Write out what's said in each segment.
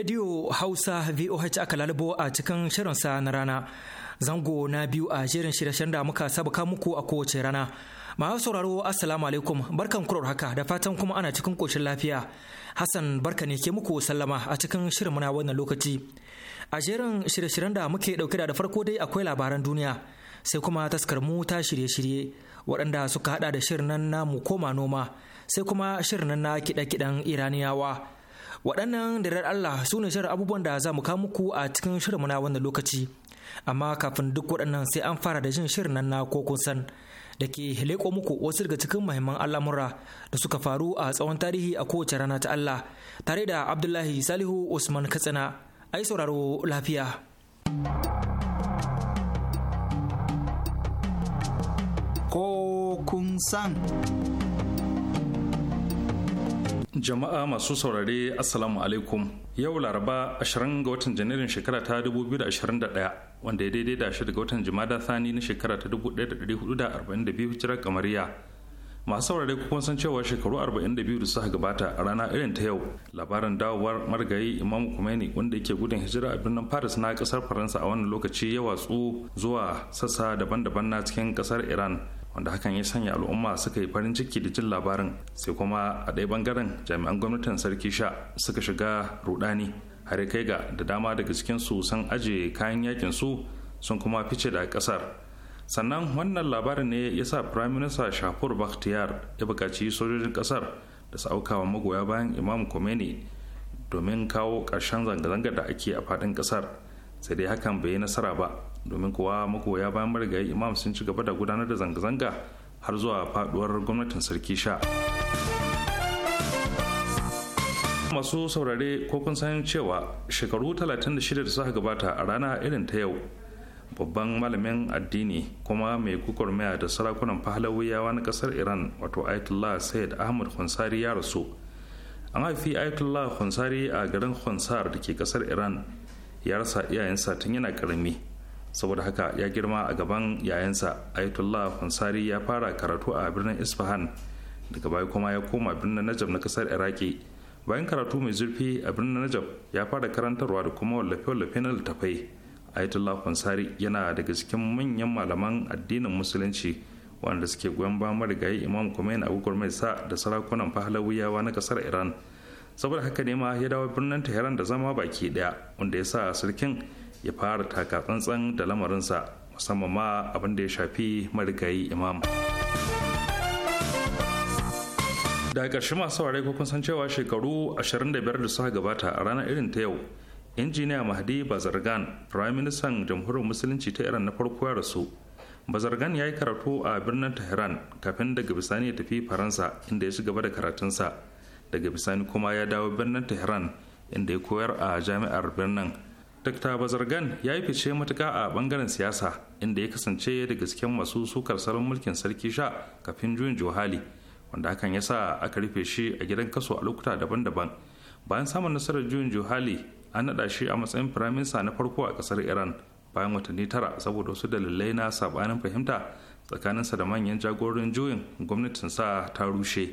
Radio Hausa VOH aka lalubo a cikin shirinsa na rana. Zango na biyu a jerin shirye-shiryen da muka sabuka muku a kowace rana. Masu sauraro Assalamu alaikum barkan kurar haka da fatan kuma ana cikin koshin lafiya. Hassan barka ne ke muku sallama a cikin shirin muna wannan lokaci. A jerin shirye-shiryen da muke dauke da farko dai akwai labaran duniya sai kuma taskar mu ta shirye-shirye waɗanda suka haɗa da shirin nan namu koma noma sai kuma shirin nan na kiɗe-kiɗen Iraniyawa. waɗannan da Allah su ne shirin abubuwan da za mu kawo muku a cikin shirin na wannan lokaci amma kafin duk waɗannan sai an fara da jin shirin nan na ko kun san da ke leƙo muku wasu daga cikin mahimman al'amura da suka faru a tsawon tarihi a kowace rana ta Allah tare da Abdullahi Salihu Usman Katsina ai sauraro lafiya. Ko san. Jama'a masu saurare Assalamu alaikum. Yau Laraba 20 ga watan Janairun shekara ta 2021 wanda ya daidai da shi daga watan Jumada Thani na shekara ta 1442 hijira kamariya. Masu saurare kuma san cewa shekaru 42 da suka gabata a rana irin ta yau labarin dawowar margayi Imam kumeni wanda yake gudun hijira a birnin Paris na kasar Faransa a wannan lokaci ya watsu zuwa sassa daban-daban na cikin kasar Iran. wanda hakan ya sanya al'umma suka yi farin ciki da jin labarin sai kuma a ɗaya bangaren jami'an gwamnatin sarki sha suka shiga rudani har kai ga da dama daga cikin su sun aje kayan yakin su sun kuma fice da ƙasar sannan wannan labarin ne ya sa prime minister shafur bakhtiyar ya buƙaci sojojin ƙasar da su wa magoya bayan imam khomeini domin kawo ƙarshen zanga-zanga da ake a faɗin ƙasar sai dai hakan bai yi nasara ba domin kuwa magoya bayan marigayi imam sun ci gaba da gudanar da zanga-zanga har zuwa faduwar gwamnatin sarki sha masu saurare ko kun san cewa shekaru 36 da suka gabata a rana irin ta yau babban malamin addini kuma mai kukurmaya da sarakunan pahlawiyawa na kasar iran wato ayatollah said ahmad khonsari ya rasu an haifi ayatollah khonsari a garin khonsar da ke kasar iran ya rasa iyayensa tun yana karami saboda haka ya girma a gaban yayansa ayatollah hansari ya fara karatu a birnin isfahan daga baya kuma ya koma birnin najab na kasar iraki bayan karatu mai zurfi a birnin najab ya fara karantarwa da kuma wallafe-wallafe na littafai ayatollah hansari yana daga cikin manyan malaman addinin musulunci wanda suke goyon bayan marigayi imam kumain a mai sa da sarakunan pahlawiyawa na kasar iran saboda haka ne ma ya dawo birnin tehran da zama baki daya wanda ya sa sarkin ya fara taka tsantsan da lamarinsa musamman ma abin da ya shafi marigayi imam da ƙarshe masu saurare kun san cewa shekaru 25 da suka gabata a ranar irin ta yau injiniya mahdi bazargan prime minister jamhuriyar musulunci ta iran na farko ya rasu bazargan ya yi karatu a birnin tehran kafin daga bisani ya tafi faransa inda ya gaba da karatunsa daga bisani kuma ya dawo birnin tehran inda ya koyar a jami'ar birnin dr bazargan ya yi fice matuka a bangaren siyasa inda ya kasance da gasken masu sukar salon mulkin sarki sha kafin juyin johali wanda hakan ya sa aka rufe shi a gidan kaso a lokuta daban-daban bayan samun nasarar juyin johali an naɗa shi a matsayin firaminsa na farko a ƙasar iran bayan watanni tara saboda wasu dalilai na sabanin fahimta tsakaninsa da manyan jagorin juyin gwamnatinsa ta rushe.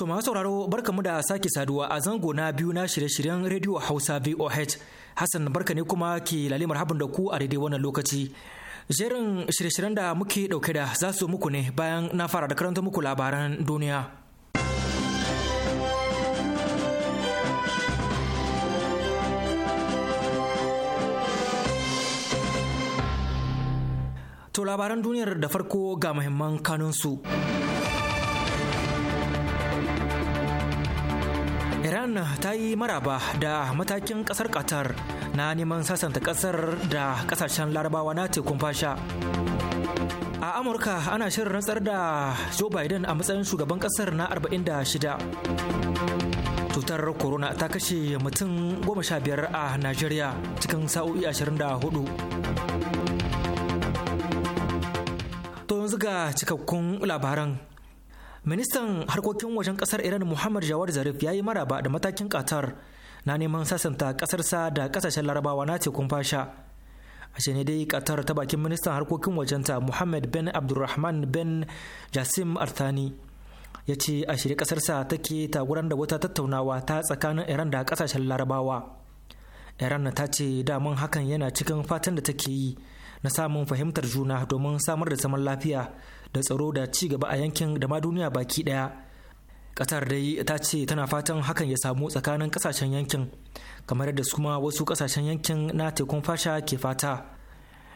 To masu sauraro mu da sake saduwa a zango na biyu na shirye-shiryen Radio Hausa VOH. Hassan barka ne kuma ke lalimar habin da ku a daidai wannan lokaci. Jerin shirye-shiryen da muke dauke da za su muku ne bayan na fara da karanta muku labaran duniya. To labaran duniyar da farko ga muhimman kanunsu. su. iran ta yi maraba da matakin kasar qatar na neman sasanta kasar da kasashen larabawa na tekun fasha a amurka ana shirin rantsar da joe biden a matsayin shugaban kasar na 46 cutar corona ta kashe mutum goma sha biyar a najeriya cikin sa'o'i 24 to yanzu ga cikakkun labaran ministan harkokin wajen kasar iran muhammad jawar zarif ya yi maraba da matakin qatar na neman sasanta kasarsa da kasashen larabawa na tekun fasha a ne dai qatar ta bakin ministan harkokin wajenta muhammad ben abdulrahman ben jasim artani ya ce a shirye kasarsa take taguran da wata tattaunawa ta tsakanin iran da kasashen larabawa iran ta ce daman hakan yana cikin fatan da take yi na samun fahimtar juna domin samar da zaman lafiya da tsaro da ci gaba a yankin da ma duniya baki daya ƙasar dai ta ce tana fatan hakan ya samu tsakanin kasashen yankin kamar yadda kuma wasu kasashen yankin na tekun fasha ke fata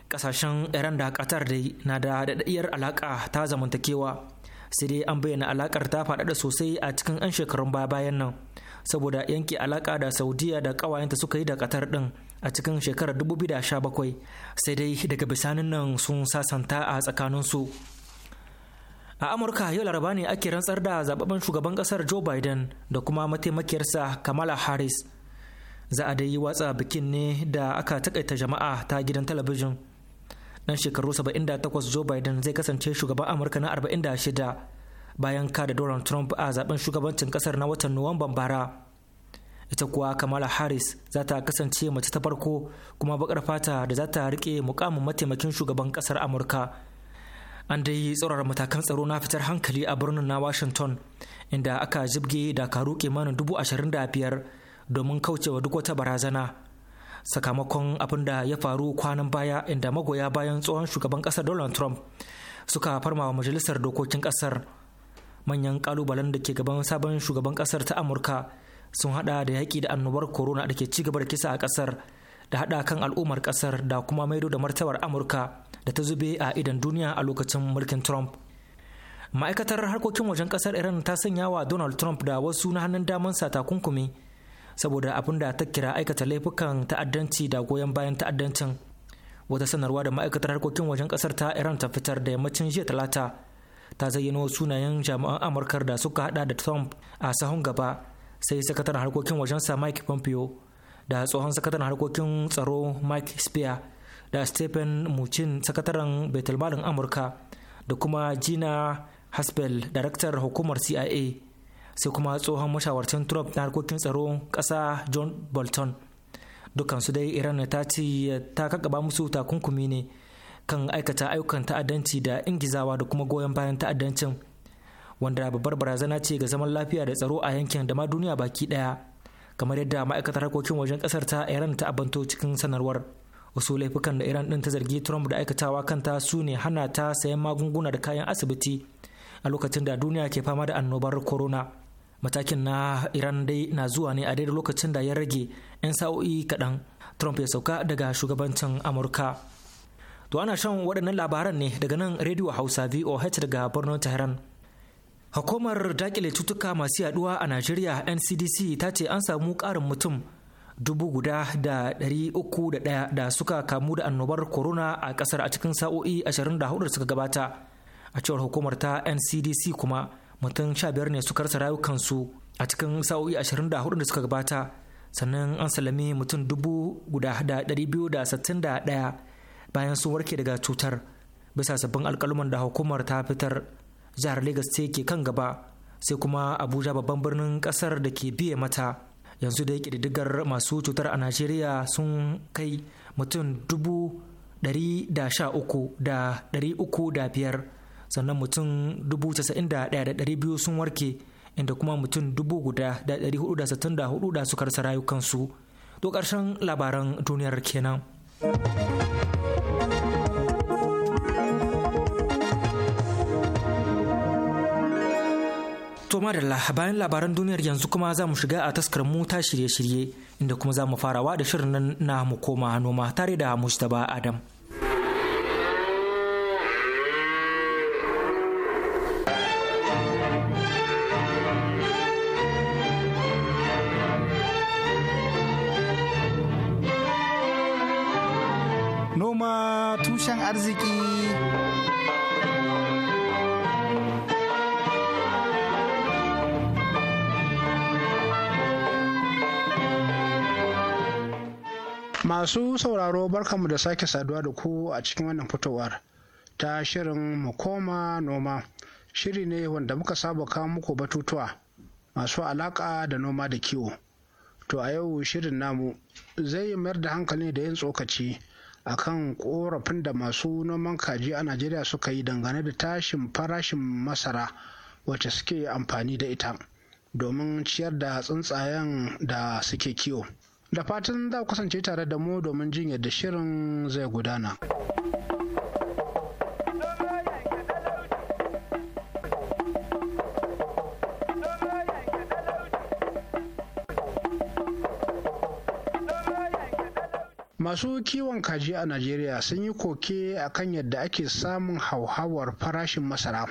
ƙasashen iran da qatar dai na da daɗaɗɗiyar alaƙa ta zamantakewa sai dai an bayyana alaƙar ta faɗaɗa sosai a cikin 'yan shekarun baya bayan nan saboda yanke alaƙa da saudiya da ƙawayenta suka yi da qatar ɗin a cikin shekarar 2017 sai dai daga bisanin nan sun sasanta a tsakaninsu a amurka yau laraba ne ake rantsar da zababben shugaban kasar joe biden da kuma mataimakiyarsa kamala harris za a yi watsa bikin ne da aka takaita jama'a ta gidan talabijin dan shekaru 78 joe biden zai kasance shugaban amurka na 46 bayan kada donald trump a zaben shugabancin kasar na watan nuwamban bara ita kuwa kamala harris za ta kasance mace ta farko kuma bakar fata da za ta rike mukamin mataimakin shugaban kasar amurka an dai tsaurara matakan tsaro na fitar hankali a birnin na washington inda aka jibge dakaru kimanin dubu ashirin da biyar domin kaucewa duk wata barazana sakamakon abin da ya faru kwanan baya inda magoya bayan tsohon shugaban kasar donald trump suka farma majalisar dokokin kasar manyan kalubalen da ke gaban sabon shugaban kasar ta amurka sun hada da yaƙi da annobar corona da ke ci da kisa a kasar da hada kan al'ummar kasar da kuma maido da martabar amurka da ta zube a idan duniya a lokacin mulkin Trump. Ma'aikatar harkokin wajen kasar Iran ta sanya wa Donald Trump da wasu na hannun damansa takunkumi saboda abin da ta kira aikata laifukan ta'addanci da goyon bayan ta'addancin. Wata sanarwa da ma'aikatar harkokin wajen kasar ta Iran ta fitar da yammacin jiya talata ta zayyano sunayen jami'an Amurkar da suka hada da Trump a sahun gaba sai sakataren harkokin wajensa Mike Pompeo da tsohon sakataren harkokin tsaro Mike Spear da stephen mucin sakataren baitulmalin amurka da kuma gina haspel daraktar hukumar cia sai kuma tsohon mashawarcin trump na harkokin tsaro ƙasa john bolton dukansu dai iran ta ce ta kakaba musu takunkumi ne kan aikata ayyukan ta'addanci da ingizawa da kuma goyon bayan ta'addancin wanda babbar barazana ce ga zaman lafiya da tsaro a yankin da ma duniya baki ɗaya kamar yadda ma'aikatar harkokin wajen kasar ta iran ta abanto cikin sanarwar wasu laifukan da iran din ta zargi trump da aikatawa kanta su ne hana ta sayan magunguna da kayan asibiti a lokacin da duniya ke fama da annobar corona matakin na iran dai na zuwa ne a daidai lokacin da ya rage 'yan sa'o'i kaɗan trump ya sauka daga shugabancin amurka to ana shan waɗannan labaran ne daga nan rediyo hausa voh daga birnin tehran hukumar dakile cutuka masu yaduwa a najeriya ncdc ta ce an samu ƙarin mutum dubu guda da ɗari uku da ɗaya da suka kamu da annobar corona a ƙasar a cikin sa'o'i ashirin da hudu suka gabata a cewar hukumar ta ncdc kuma mutum sha biyar ne suka rasa rayukansu a cikin sa'o'i ashirin da hudu suka gabata sannan an salami mutum dubu guda da ɗari biyu da sittin da ɗaya bayan sun warke daga cutar bisa sabbin alkaluman da hukumar ta fitar jihar lagos ce ke kan gaba sai kuma abuja babban birnin ƙasar da ke biye mata yanzu da ya ƙididdigar masu cutar a najeriya sun kai mutum dubu dari da sha uku da dari uku da biyar sannan mutum dubu casa'in da ɗaya da dari biyu sun warke inda kuma mutum dubu guda da dari hudu da sittin da hudu da suka rasa rayukansu to ƙarshen labaran duniyar kenan. To madalla bayan labaran duniyar yanzu kuma za mu shiga a taskar mu ta shirye-shirye inda kuma za mu farawa da shirin nan na mu koma noma tare da Mustapha Adam. Noma tushen arziki Masu sauraro barkamu da sake saduwa da ku a cikin wannan fitowar ta shirin mu koma noma. Shiri ne wanda muka saba kawo muku batutuwa masu alaka da noma da kiwo. To a yau shirin namu zai yi mayar da hankali da yin tsokaci akan korafin da masu noman kaji a Najeriya suka yi dangane da tashin farashin masara wacce suke amfani da ita domin ciyar da tsuntsayen da suke kiwo. Da fatan za ku kasance tare da mu domin jin yadda shirin zai gudana. masu kiwon kaji a najeriya sun yi koke a kan yadda ake samun hauhawar farashin masara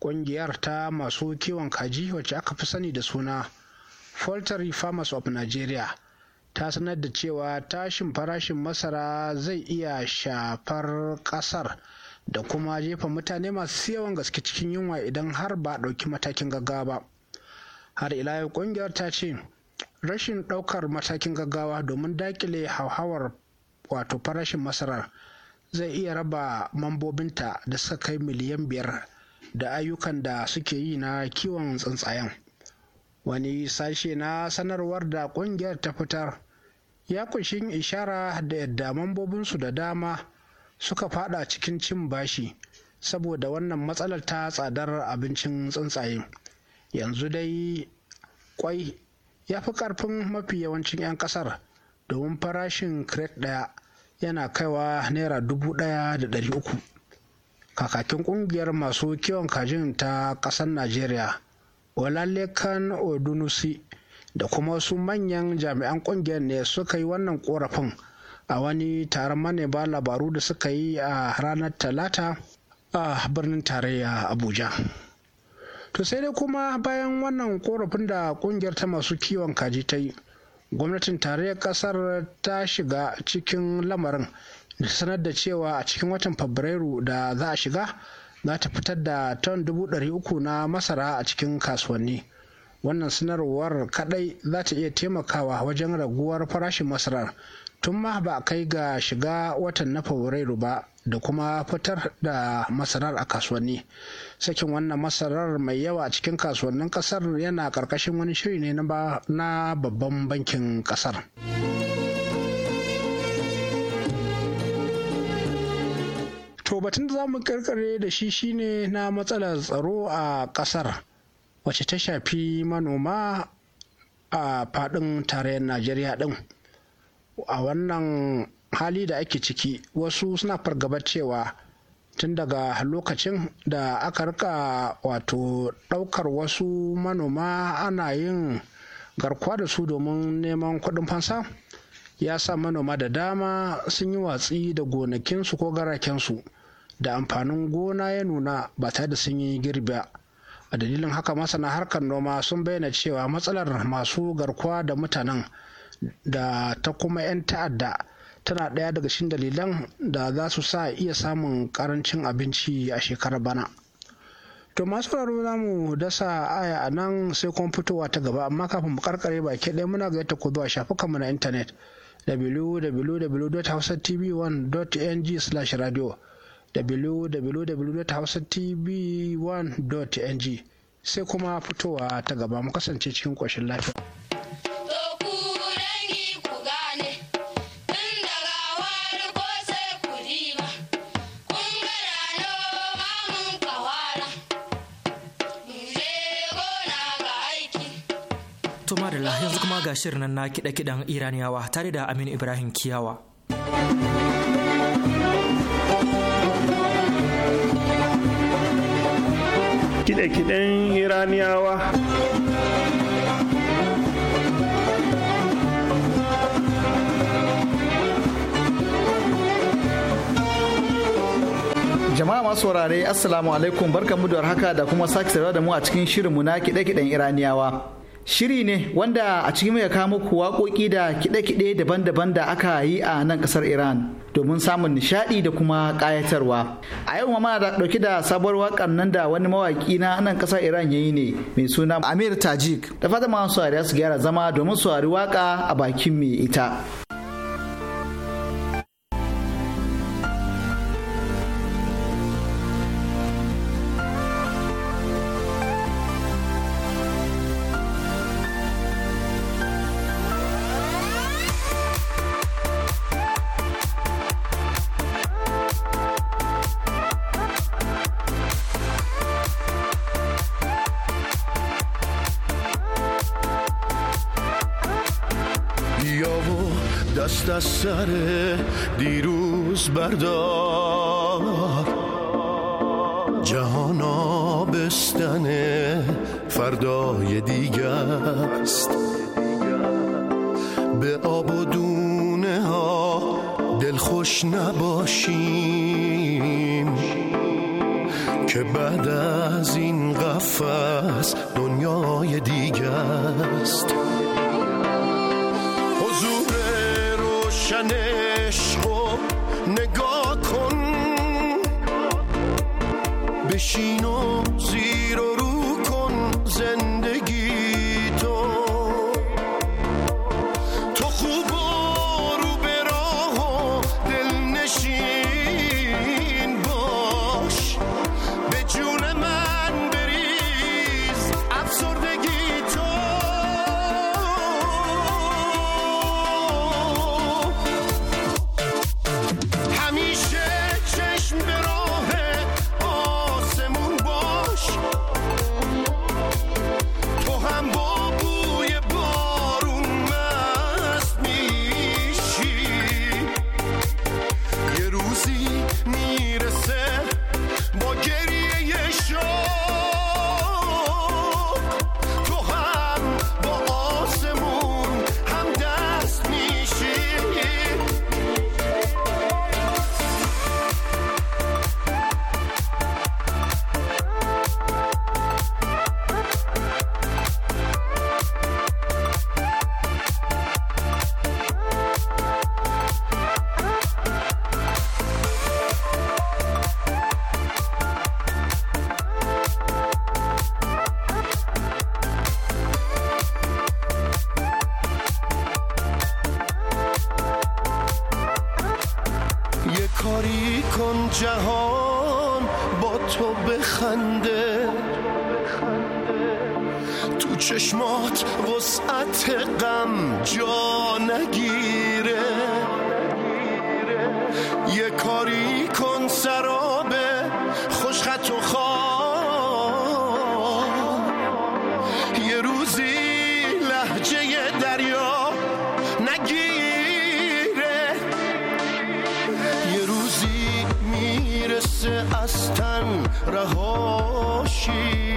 ƙungiyar ta masu kiwon kaji wacce aka fi sani da suna poultry farmers of nigeria ta sanar da cewa tashin farashin masara zai iya shafar kasar da kuma jefa mutane masu yawan gaske cikin yunwa idan har ba ɗauki matakin gaggawa ba har ila yau ƙungiyar ta ce rashin ɗaukar matakin gaggawa domin daƙile hauhawar wato farashin masarar zai iya raba mambobinta da suka kai miliyan biyar da ayyukan da suke yi na kiwon tsuntsayen wani sashe na sanarwar da kungiyar ta fitar ya ƙunshi ishara da yadda mambobinsu da dama suka fada cikin cin bashi saboda wannan matsalar ta tsadar abincin tsuntsaye yanzu dai kwai ya fi karfin mafi yawancin 'yan kasar domin farashin crate daya yana kaiwa naira dubu ɗaya da ɗari uku kakakin kungiyar masu kiwon kajin ta ƙasar najeriya olalekan odunusi da kuma wasu manyan jami'an ƙungiyar ne suka yi wannan korafin a wani taron manema labaru da suka yi a ranar talata a birnin tarayya abuja to sai dai kuma bayan wannan korafin da kungiyar ta masu kiwon kaji ta yi gwamnatin tarayyar kasar ta shiga cikin lamarin da sanar da cewa a cikin watan fabrairu da za a shiga za ta fitar da ton uku na masara a cikin kasuwanni wannan sanarwar kadai za ta iya taimakawa wajen raguwar farashin masarar tun ma ba a kai ga shiga watan na fabrairu ba da kuma fitar da masarar a kasuwanni sakin wannan masarar mai yawa a cikin kasuwannin kasar yana karkashin wani shiri ne na babban bankin kasar. batun da za mu karkare da shi shine na matsalar tsaro a ƙasar wacce ta shafi manoma a faɗin tarayyar Najeriya ɗin. A wannan hali da ake ciki wasu suna fargabar cewa tun daga lokacin da aka rika wato ɗaukar wasu manoma ana yin garkuwa da su domin neman kuɗin fansa ya sa manoma da dama sun yi watsi da gonakinsu ko garakensu. da amfanin gona ya nuna ba tare da sun yi girbi ba a dalilin haka masana harkar noma sun bayyana cewa matsalar masu garkuwa da mutanen da ta kuma 'yan ta'adda tana ɗaya daga cikin dalilan da za su sa iya samun karancin abinci a shekarar bana to masu raro za mu dasa aya a nan sai kuma fitowa ta gaba amma kafin mu karkare baki ɗaya muna gayyata ku zuwa shafukanmu na intanet www.hausatv1.ng/radio www.hausatv1.ng sai kuma fitowa ta gaba mu kasance cikin ƙoshin lafiya. yanzu kuma ga shirin na kiɗe-kiɗen iraniyawa tare da aminu ibrahim kiyawa kide-kiden iraniyawa jama'a masu wurare, assalamu alaikum barkanmu da haka da kuma sake saurara da mu a cikin shirinmu na kide-kiden iraniyawa shiri ne wanda a cikin mai kawo muku waƙoƙi da kiɗe-kiɗe daban-daban da aka yi a nan ƙasar Iran domin samun nishaɗi da kuma ƙayatarwa. A yau ma da ɗauki da sabuwar waƙar nan da wani mawaƙi na nan ƙasar Iran ya yi ne mai suna Amir Tajik. Da fata masu su gyara zama domin su waƙa a bakin mai ita. بردار جهان آبستن فردای دیگر است به آب و دونه ها دلخوش نباشیم که بعد از این قفس دنیای دیگر است حضور روشنه Shino giro جهان با تو بخنده تو چشمات وسعت غم جا نگیره یه کاری کن سرا cheek.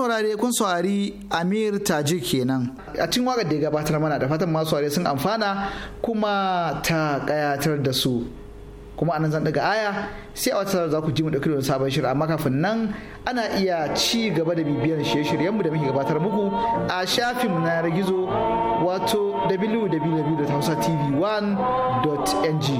saurare kun saurari Amir Tajik kenan. A cikin wakar da ya gabatar mana da fatan masu saurare sun amfana kuma ta kayatar da su. Kuma anan zan daga aya sai a wata za ku ji mu dauki sabon shirin amma kafin nan ana iya ci gaba da bibiyar shirye-shiryen mu da muke gabatar muku a shafin na gizo wato www.hausatv1.ng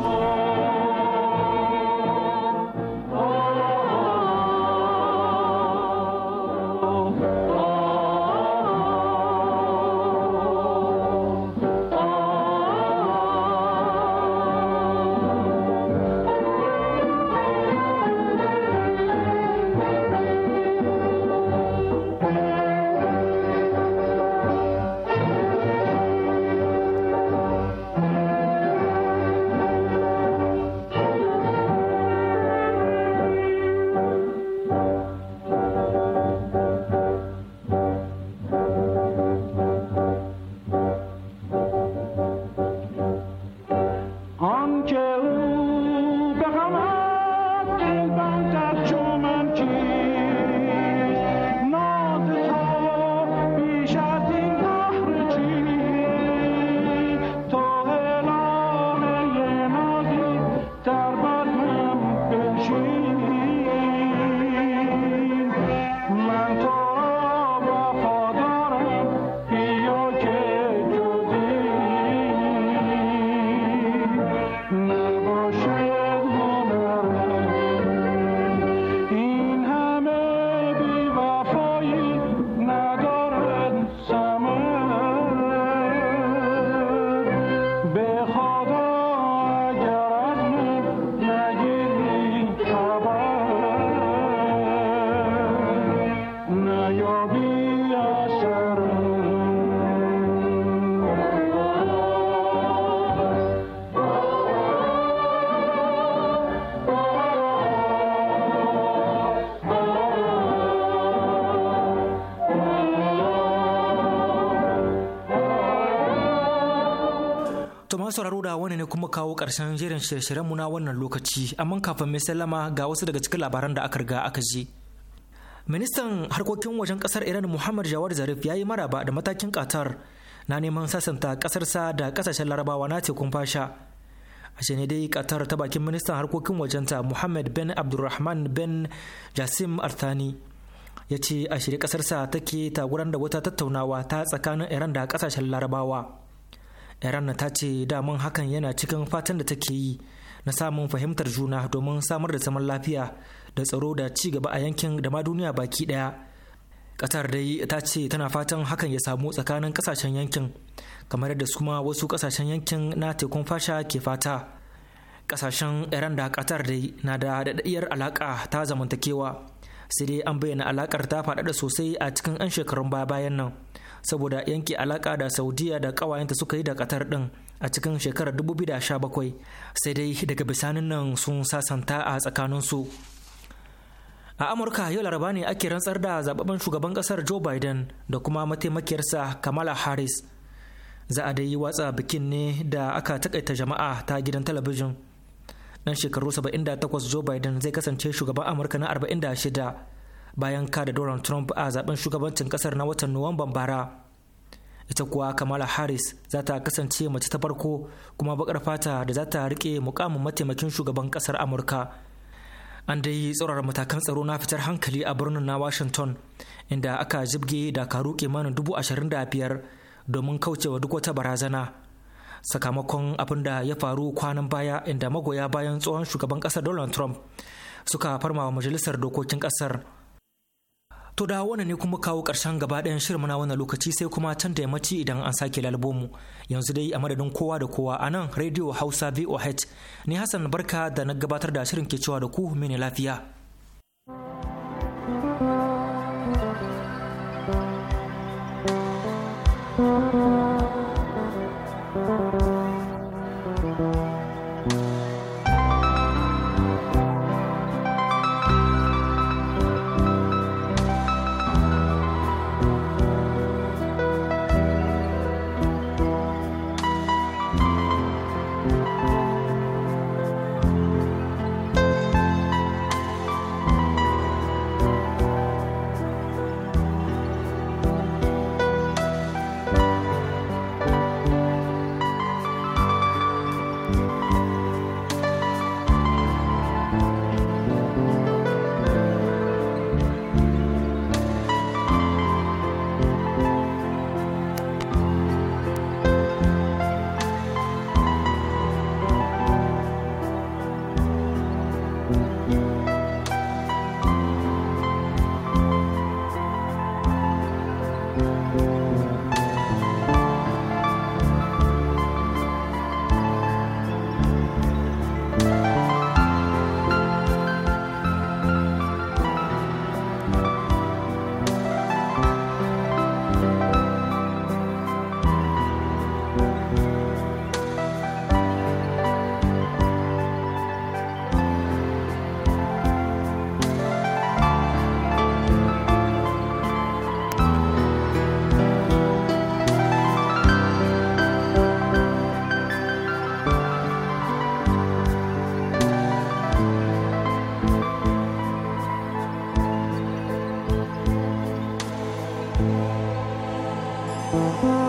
masu sauraro da wani ne kuma kawo karshen jerin shirye mu na wannan lokaci amma kafin mai sallama ga wasu daga cikin labaran da aka riga aka je. Ministan harkokin wajen kasar Iran Muhammad Jawad Zarif ya yi maraba da matakin Qatar na neman sasanta ƙasarsa da kasashen Larabawa na tekun fasha. A shi ne dai Qatar ta bakin ministan harkokin wajenta Muhammad bin Abdulrahman bin Jasim Arthani ya ce a shirye ƙasarsa take ta da wata tattaunawa ta tsakanin Iran da ƙasashen Larabawa. iran ta ce daman hakan yana cikin fatan da take yi na samun fahimtar juna domin samar da zaman lafiya da tsaro da ci gaba a yankin da ma duniya baki daya ƙasar dai ta ce tana fatan hakan ya samu tsakanin ƙasashen yankin kamar yadda kuma wasu ƙasashen yankin na tekun fasha ke fata ƙasashen iran da qatar dai na da daɗaɗɗiyar alaƙa ta zamantakewa sai dai an bayyana alaƙar ta faɗaɗa sosai a cikin 'yan shekarun baya bayan nan saboda yanke alaka da saudiya da kawayenta suka yi da katar din a cikin shekarar 2017 sai dai daga bisanin nan sun sasanta a tsakaninsu a amurka yau laraba ne ake rantsar da zababben shugaban kasar joe biden da kuma mataimakiyarsa kamala harris za a dai watsa bikin ne da aka takaita jama'a ta gidan talabijin dan shekaru 78 joe biden zai kasance shugaban amurka na 46 bayan kada Donald Trump a zaben shugabancin kasar na watan Nuwamban bara. Ita kuwa Kamala Harris za ta kasance mace ta farko kuma bakar fata da za ta rike mukamin mataimakin shugaban kasar Amurka. An dai tsoron matakan tsaro na fitar hankali a birnin na Washington inda aka jibge dakaru kimanin dubu ashirin da biyar domin kaucewa duk wata barazana. Sakamakon abin da ya faru kwanan baya inda magoya bayan tsohon shugaban kasar Donald Trump suka farma wa majalisar dokokin kasar. To da wannan ne kuma kawo ƙarshen gaba ɗayan shirin na wannan lokaci sai kuma can da yammaci idan an sake lalbomu. Yanzu dai a madadin kowa da kowa a nan rediyo Hausa VOH. ne Hassan Barka da na gabatar da shirin ke cewa da ku mene lafiya. Thank you.